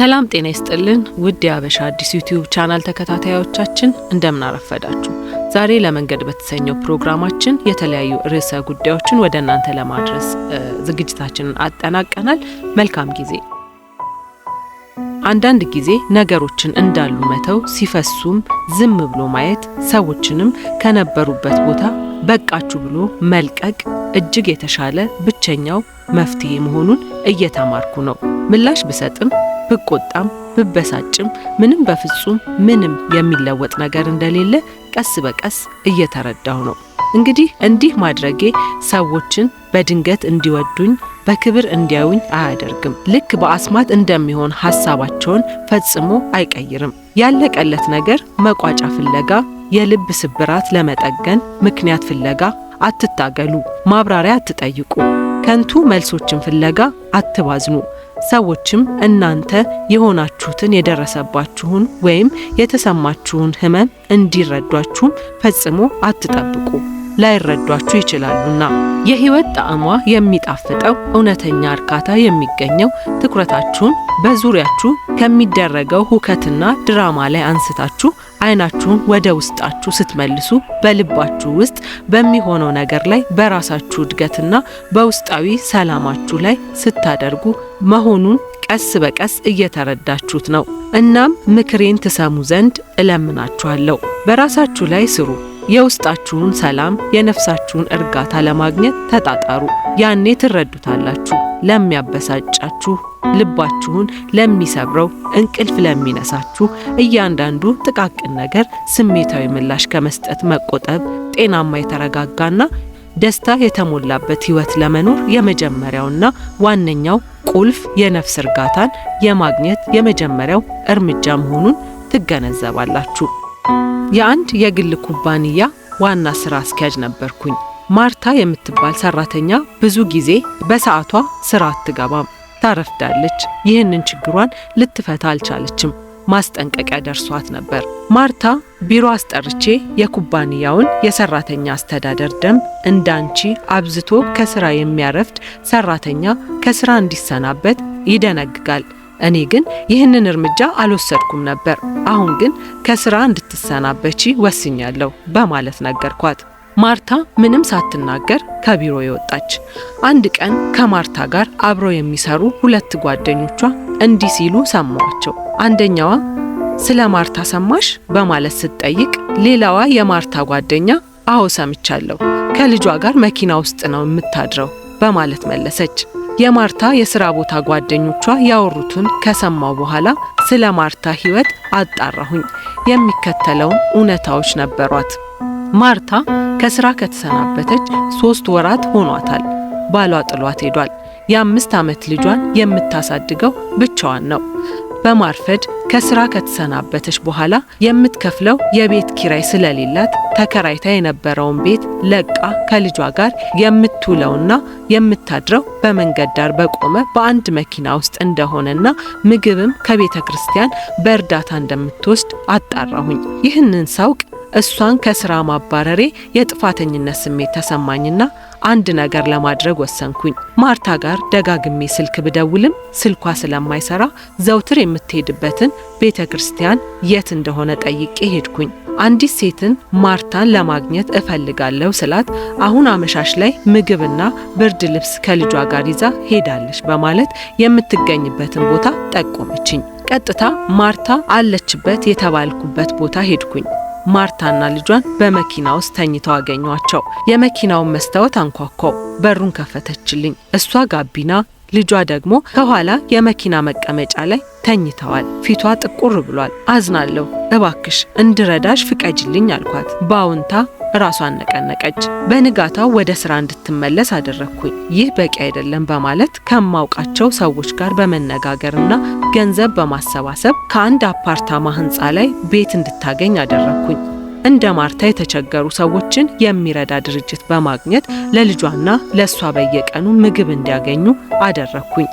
ሰላም ጤና ይስጥልን ውድ የአበሻ አዲስ ዩቲዩብ ቻናል ተከታታዮቻችን እንደምን አረፈዳችሁ። ዛሬ ለመንገድ በተሰኘው ፕሮግራማችን የተለያዩ ርዕሰ ጉዳዮችን ወደ እናንተ ለማድረስ ዝግጅታችንን አጠናቀናል። መልካም ጊዜ። አንዳንድ ጊዜ ነገሮችን እንዳሉ መተው፣ ሲፈሱም ዝም ብሎ ማየት፣ ሰዎችንም ከነበሩበት ቦታ በቃችሁ ብሎ መልቀቅ እጅግ የተሻለ ብቸኛው መፍትሄ መሆኑን እየተማርኩ ነው። ምላሽ ብሰጥም ብቆጣም ብበሳጭም ምንም በፍጹም ምንም የሚለወጥ ነገር እንደሌለ ቀስ በቀስ እየተረዳሁ ነው። እንግዲህ እንዲህ ማድረጌ ሰዎችን በድንገት እንዲወዱኝ በክብር እንዲያዩኝ አያደርግም። ልክ በአስማት እንደሚሆን ሀሳባቸውን ፈጽሞ አይቀይርም። ያለቀለት ነገር መቋጫ ፍለጋ፣ የልብ ስብራት ለመጠገን ምክንያት ፍለጋ አትታገሉ። ማብራሪያ አትጠይቁ። ከንቱ መልሶችን ፍለጋ አትባዝኑ። ሰዎችም እናንተ የሆናችሁትን የደረሰባችሁን ወይም የተሰማችሁን ህመም እንዲረዷችሁም ፈጽሞ አትጠብቁ። ላይረዷችሁ ይችላሉና የህይወት ጣዕሟ የሚጣፍጠው እውነተኛ እርካታ የሚገኘው ትኩረታችሁን በዙሪያችሁ ከሚደረገው ሁከትና ድራማ ላይ አንስታችሁ አይናችሁን ወደ ውስጣችሁ ስትመልሱ በልባችሁ ውስጥ በሚሆነው ነገር ላይ በራሳችሁ እድገትና በውስጣዊ ሰላማችሁ ላይ ስታደርጉ መሆኑን ቀስ በቀስ እየተረዳችሁት ነው። እናም ምክሬን ትሰሙ ዘንድ እለምናችኋለሁ። በራሳችሁ ላይ ስሩ። የውስጣችሁን ሰላም፣ የነፍሳችሁን እርጋታ ለማግኘት ተጣጣሩ። ያኔ ትረዱታላችሁ። ለሚያበሳጫችሁ ልባችሁን ለሚሰብረው እንቅልፍ ለሚነሳችሁ እያንዳንዱ ጥቃቅን ነገር ስሜታዊ ምላሽ ከመስጠት መቆጠብ ጤናማ የተረጋጋና ደስታ የተሞላበት ሕይወት ለመኖር የመጀመሪያውና ዋነኛው ቁልፍ የነፍስ እርጋታን የማግኘት የመጀመሪያው እርምጃ መሆኑን ትገነዘባላችሁ። የአንድ የግል ኩባንያ ዋና ስራ አስኪያጅ ነበርኩኝ። ማርታ የምትባል ሰራተኛ ብዙ ጊዜ በሰዓቷ ስራ አትገባም፣ ታረፍዳለች። ይህንን ችግሯን ልትፈታ አልቻለችም። ማስጠንቀቂያ ደርሷት ነበር። ማርታ ቢሮ አስጠርቼ የኩባንያውን የሰራተኛ አስተዳደር ደንብ እንዳንቺ አብዝቶ ከስራ የሚያረፍድ ሰራተኛ ከስራ እንዲሰናበት ይደነግጋል እኔ ግን ይህንን እርምጃ አልወሰድኩም ነበር። አሁን ግን ከስራ እንድትሰናበቺ ወስኛለሁ በማለት ነገርኳት። ማርታ ምንም ሳትናገር ከቢሮ የወጣች። አንድ ቀን ከማርታ ጋር አብረው የሚሰሩ ሁለት ጓደኞቿ እንዲህ ሲሉ ሰማዋቸው። አንደኛዋ ስለ ማርታ ሰማሽ በማለት ስትጠይቅ፣ ሌላዋ የማርታ ጓደኛ አዎ ሰምቻለሁ፣ ከልጇ ጋር መኪና ውስጥ ነው የምታድረው በማለት መለሰች። የማርታ የስራ ቦታ ጓደኞቿ ያወሩትን ከሰማው በኋላ ስለ ማርታ ሕይወት አጣራሁኝ። የሚከተለውን እውነታዎች ነበሯት። ማርታ ከስራ ከተሰናበተች ሶስት ወራት ሆኗታል። ባሏ ጥሏት ሄዷል። የአምስት ዓመት ልጇን የምታሳድገው ብቻዋን ነው። በማርፈድ ከስራ ከተሰናበተች በኋላ የምትከፍለው የቤት ኪራይ ስለሌላት ተከራይታ የነበረውን ቤት ለቃ ከልጇ ጋር የምትውለውና የምታድረው በመንገድ ዳር በቆመ በአንድ መኪና ውስጥ እንደሆነና ምግብም ከቤተ ክርስቲያን በእርዳታ እንደምትወስድ አጣራሁኝ። ይህንን ሳውቅ እሷን ከስራ ማባረሬ የጥፋተኝነት ስሜት ተሰማኝና አንድ ነገር ለማድረግ ወሰንኩኝ። ማርታ ጋር ደጋግሜ ስልክ ብደውልም ስልኳ ስለማይሰራ ዘውትር የምትሄድበትን ቤተ ክርስቲያን የት እንደሆነ ጠይቄ ሄድኩኝ። አንዲት ሴትን ማርታን ለማግኘት እፈልጋለሁ ስላት አሁን አመሻሽ ላይ ምግብና ብርድ ልብስ ከልጇ ጋር ይዛ ሄዳለች በማለት የምትገኝበትን ቦታ ጠቆመችኝ። ቀጥታ ማርታ አለችበት የተባልኩበት ቦታ ሄድኩኝ። ማርታና ልጇን በመኪና ውስጥ ተኝተው አገኟቸው። የመኪናውን መስታወት አንኳኳው። በሩን ከፈተችልኝ። እሷ ጋቢና ልጇ ደግሞ ከኋላ የመኪና መቀመጫ ላይ ተኝተዋል። ፊቷ ጥቁር ብሏል። አዝናለሁ፣ እባክሽ እንድረዳሽ ፍቀጅልኝ አልኳት። በአውንታ ራሷን ነቀነቀች። በንጋታው ወደ ስራ እንድትመለስ አደረግኩኝ። ይህ በቂ አይደለም በማለት ከማውቃቸው ሰዎች ጋር በመነጋገርና ገንዘብ በማሰባሰብ ከአንድ አፓርታማ ህንፃ ላይ ቤት እንድታገኝ አደረግኩኝ። እንደ ማርታ የተቸገሩ ሰዎችን የሚረዳ ድርጅት በማግኘት ለልጇና ለእሷ በየቀኑ ምግብ እንዲያገኙ አደረግኩኝ።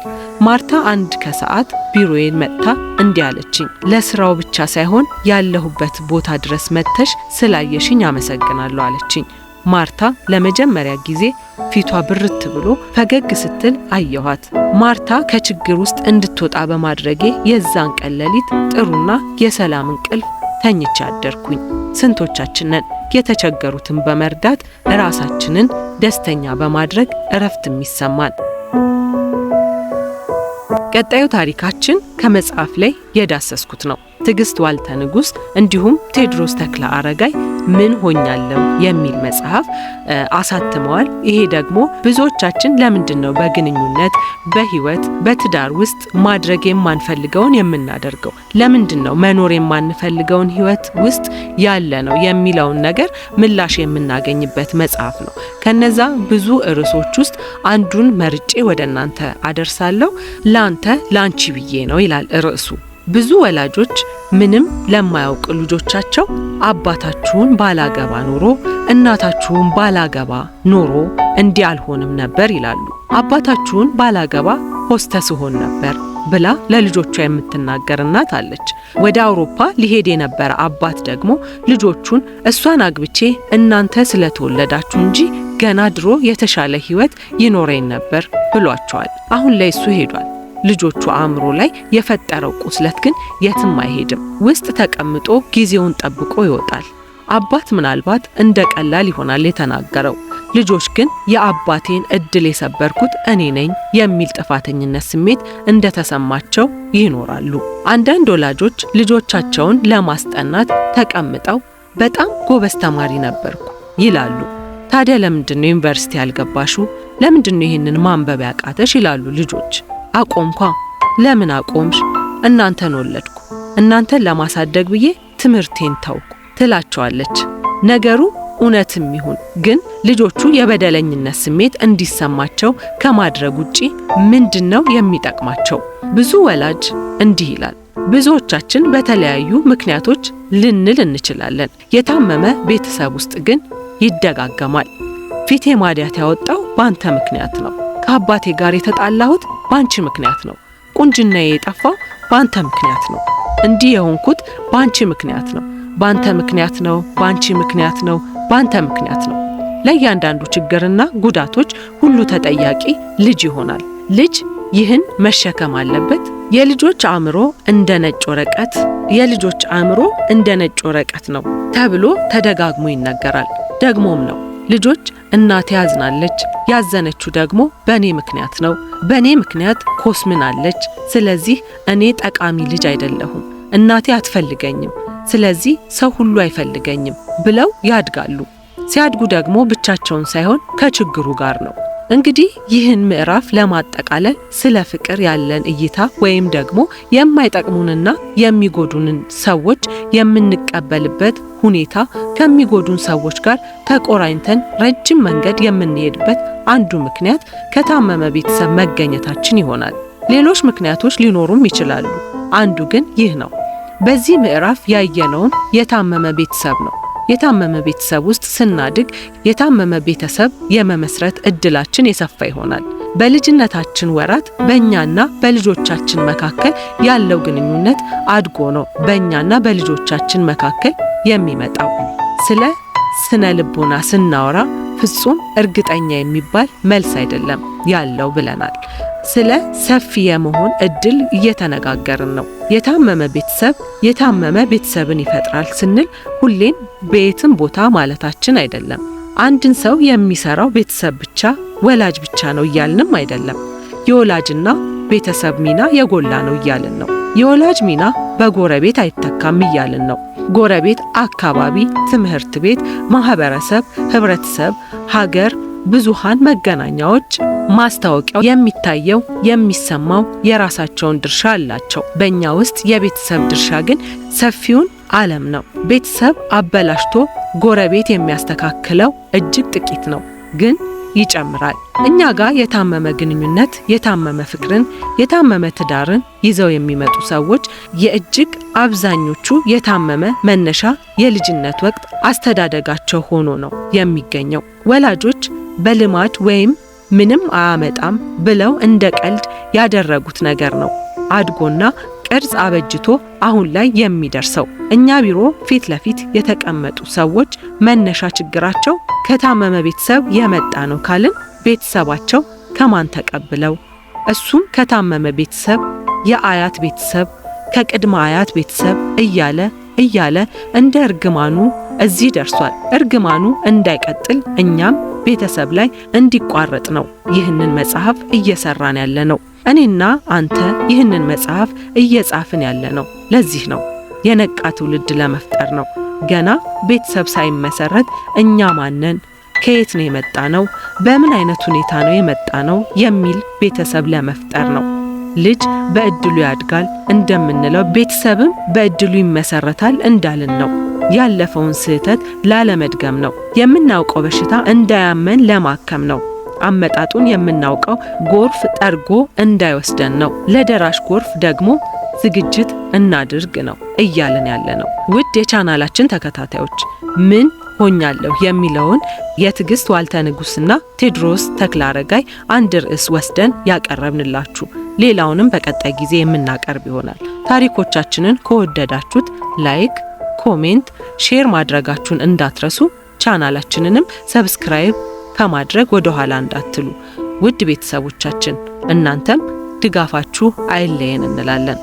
ማርታ አንድ ከሰዓት ቢሮዬን መጥታ እንዲህ አለችኝ። ለስራው ብቻ ሳይሆን ያለሁበት ቦታ ድረስ መጥተሽ ስላየሽኝ አመሰግናለሁ አለችኝ። ማርታ ለመጀመሪያ ጊዜ ፊቷ ብርት ብሎ ፈገግ ስትል አየኋት። ማርታ ከችግር ውስጥ እንድትወጣ በማድረጌ የዛን ቀን ሌሊት ጥሩና የሰላም እንቅልፍ ተኝቼ አደርኩኝ። ስንቶቻችን ነን የተቸገሩትን በመርዳት ራሳችንን ደስተኛ በማድረግ እረፍት የሚሰማን? ቀጣዩ ታሪካችን ከመጽሐፍ ላይ የዳሰስኩት ነው። ትዕግስት ዋልተ ንጉስ እንዲሁም ቴዎድሮስ ተክለ አረጋይ ምን ሆኛለሁ የሚል መጽሐፍ አሳትመዋል። ይሄ ደግሞ ብዙዎቻችን ለምንድን ነው በግንኙነት በህይወት በትዳር ውስጥ ማድረግ የማንፈልገውን የምናደርገው ለምንድን ነው መኖር የማንፈልገውን ህይወት ውስጥ ያለ ነው የሚለውን ነገር ምላሽ የምናገኝበት መጽሐፍ ነው። ከነዛ ብዙ ርዕሶች ውስጥ አንዱን መርጬ ወደ እናንተ አደርሳለሁ። ለአንተ ላንቺ ብዬ ነው ይላል ርዕሱ። ብዙ ወላጆች ምንም ለማያውቅ ልጆቻቸው አባታችሁን ባላገባ ኖሮ እናታችሁን ባላገባ ኖሮ እንዲህ አልሆንም ነበር ይላሉ። አባታችሁን ባላገባ ሆስተስ ሆን ነበር ብላ ለልጆቿ የምትናገር እናት አለች። ወደ አውሮፓ ሊሄድ የነበረ አባት ደግሞ ልጆቹን እሷን አግብቼ እናንተ ስለተወለዳችሁ እንጂ ገና ድሮ የተሻለ ሕይወት ይኖረኝ ነበር ብሏቸዋል። አሁን ላይ እሱ ሄዷል። ልጆቹ አእምሮ ላይ የፈጠረው ቁስለት ግን የትም አይሄድም። ውስጥ ተቀምጦ ጊዜውን ጠብቆ ይወጣል። አባት ምናልባት እንደ ቀላል ይሆናል የተናገረው፣ ልጆች ግን የአባቴን እድል የሰበርኩት እኔ ነኝ የሚል ጥፋተኝነት ስሜት እንደተሰማቸው ይኖራሉ። አንዳንድ ወላጆች ልጆቻቸውን ለማስጠናት ተቀምጠው በጣም ጎበዝ ተማሪ ነበርኩ ይላሉ። ታዲያ ለምንድን ነው ዩኒቨርሲቲ ያልገባሹ? ለምንድን ነው ይህንን ማንበብ ያቃተሽ? ይላሉ ልጆች። አቆምኳ። ለምን አቆምሽ? እናንተን ወለድኩ፣ እናንተን ለማሳደግ ብዬ ትምህርቴን ተውኩ ትላቸዋለች። ነገሩ እውነትም ይሁን ግን ልጆቹ የበደለኝነት ስሜት እንዲሰማቸው ከማድረግ ውጪ ምንድን ነው የሚጠቅማቸው? ብዙ ወላጅ እንዲህ ይላል። ብዙዎቻችን በተለያዩ ምክንያቶች ልንል እንችላለን። የታመመ ቤተሰብ ውስጥ ግን ይደጋገማል። ፊቴ ማዲያት ያወጣው ባንተ ምክንያት ነው። ከአባቴ ጋር የተጣላሁት ባንቺ ምክንያት ነው። ቁንጅናዬ የጠፋው ባንተ ምክንያት ነው። እንዲህ የሆንኩት ባንቺ ምክንያት ነው። ባንተ ምክንያት ነው። ባንቺ ምክንያት ነው። ባንተ ምክንያት ነው። ለእያንዳንዱ ችግርና ጉዳቶች ሁሉ ተጠያቂ ልጅ ይሆናል። ልጅ ይህን መሸከም አለበት። የልጆች አእምሮ እንደ ነጭ ወረቀት የልጆች አእምሮ እንደ ነጭ ወረቀት ነው ተብሎ ተደጋግሞ ይነገራል። ደግሞም ነው ልጆች እናቴ ያዝናለች፣ ያዘነችው ደግሞ በእኔ ምክንያት ነው። በእኔ ምክንያት ኮስምናለች። ስለዚህ እኔ ጠቃሚ ልጅ አይደለሁም፣ እናቴ አትፈልገኝም፣ ስለዚህ ሰው ሁሉ አይፈልገኝም ብለው ያድጋሉ። ሲያድጉ ደግሞ ብቻቸውን ሳይሆን ከችግሩ ጋር ነው። እንግዲህ ይህን ምዕራፍ ለማጠቃለል ስለ ፍቅር ያለን እይታ ወይም ደግሞ የማይጠቅሙንና የሚጎዱንን ሰዎች የምንቀበልበት ሁኔታ ከሚጎዱን ሰዎች ጋር ተቆራኝተን ረጅም መንገድ የምንሄድበት አንዱ ምክንያት ከታመመ ቤተሰብ መገኘታችን ይሆናል። ሌሎች ምክንያቶች ሊኖሩም ይችላሉ። አንዱ ግን ይህ ነው። በዚህ ምዕራፍ ያየነውን የታመመ ቤተሰብ ነው። የታመመ ቤተሰብ ውስጥ ስናድግ የታመመ ቤተሰብ የመመስረት እድላችን የሰፋ ይሆናል። በልጅነታችን ወራት በእኛና በልጆቻችን መካከል ያለው ግንኙነት አድጎ ነው በእኛና በልጆቻችን መካከል የሚመጣው። ስለ ስነ ልቦና ስናወራ ፍጹም እርግጠኛ የሚባል መልስ አይደለም ያለው ብለናል። ስለ ሰፊ የመሆን እድል እየተነጋገርን ነው። የታመመ ቤተሰብ የታመመ ቤተሰብን ይፈጥራል ስንል ሁሌም ቤትን ቦታ ማለታችን አይደለም። አንድን ሰው የሚሰራው ቤተሰብ ብቻ ወላጅ ብቻ ነው እያልንም አይደለም። የወላጅና ቤተሰብ ሚና የጎላ ነው እያልን ነው። የወላጅ ሚና በጎረቤት አይተካም እያልን ነው። ጎረቤት፣ አካባቢ፣ ትምህርት ቤት፣ ማህበረሰብ፣ ህብረተሰብ፣ ሀገር፣ ብዙሃን መገናኛዎች ማስታወቂያው የሚታየው የሚሰማው የራሳቸውን ድርሻ አላቸው። በእኛ ውስጥ የቤተሰብ ድርሻ ግን ሰፊውን ዓለም ነው። ቤተሰብ አበላሽቶ ጎረቤት የሚያስተካክለው እጅግ ጥቂት ነው፣ ግን ይጨምራል። እኛ ጋር የታመመ ግንኙነት፣ የታመመ ፍቅርን፣ የታመመ ትዳርን ይዘው የሚመጡ ሰዎች የእጅግ አብዛኞቹ የታመመ መነሻ የልጅነት ወቅት አስተዳደጋቸው ሆኖ ነው የሚገኘው። ወላጆች በልማድ ወይም ምንም አያመጣም ብለው እንደ ቀልድ ያደረጉት ነገር ነው አድጎና ቅርጽ አበጅቶ አሁን ላይ የሚደርሰው። እኛ ቢሮ ፊት ለፊት የተቀመጡ ሰዎች መነሻ ችግራቸው ከታመመ ቤተሰብ የመጣ ነው ካልን ቤተሰባቸው ከማን ተቀብለው እሱም ከታመመ ቤተሰብ፣ የአያት ቤተሰብ፣ ከቅድመ አያት ቤተሰብ እያለ እያለ እንደ እርግማኑ እዚህ ደርሷል። እርግማኑ እንዳይቀጥል እኛም ቤተሰብ ላይ እንዲቋረጥ ነው ይህንን መጽሐፍ እየሰራን ያለ ነው። እኔና አንተ ይህንን መጽሐፍ እየጻፍን ያለ ነው። ለዚህ ነው የነቃ ትውልድ ለመፍጠር ነው። ገና ቤተሰብ ሳይመሰረት እኛ ማንን ከየት ነው የመጣ ነው፣ በምን አይነት ሁኔታ ነው የመጣ ነው የሚል ቤተሰብ ለመፍጠር ነው። ልጅ በእድሉ ያድጋል እንደምንለው ቤተሰብም በእድሉ ይመሰረታል እንዳልን ነው። ያለፈውን ስህተት ላለመድገም ነው። የምናውቀው በሽታ እንዳያመን ለማከም ነው። አመጣጡን የምናውቀው ጎርፍ ጠርጎ እንዳይወስደን ነው። ለደራሽ ጎርፍ ደግሞ ዝግጅት እናድርግ ነው እያለን ያለ ነው። ውድ የቻናላችን ተከታታዮች ምን ሆኛለሁ የሚለውን የትዕግስት ዋልተ ንጉሥና ቴዎድሮስ አረጋይ አንድ ርዕስ ወስደን ያቀረብንላችሁ፣ ሌላውንም በቀጣይ ጊዜ የምናቀርብ ይሆናል። ታሪኮቻችንን ከወደዳችሁት ላይክ ኮሜንት፣ ሼር ማድረጋችሁን እንዳትረሱ። ቻናላችንንም ሰብስክራይብ ከማድረግ ወደ ኋላ እንዳትሉ። ውድ ቤተሰቦቻችን እናንተም ድጋፋችሁ አይለየን እንላለን።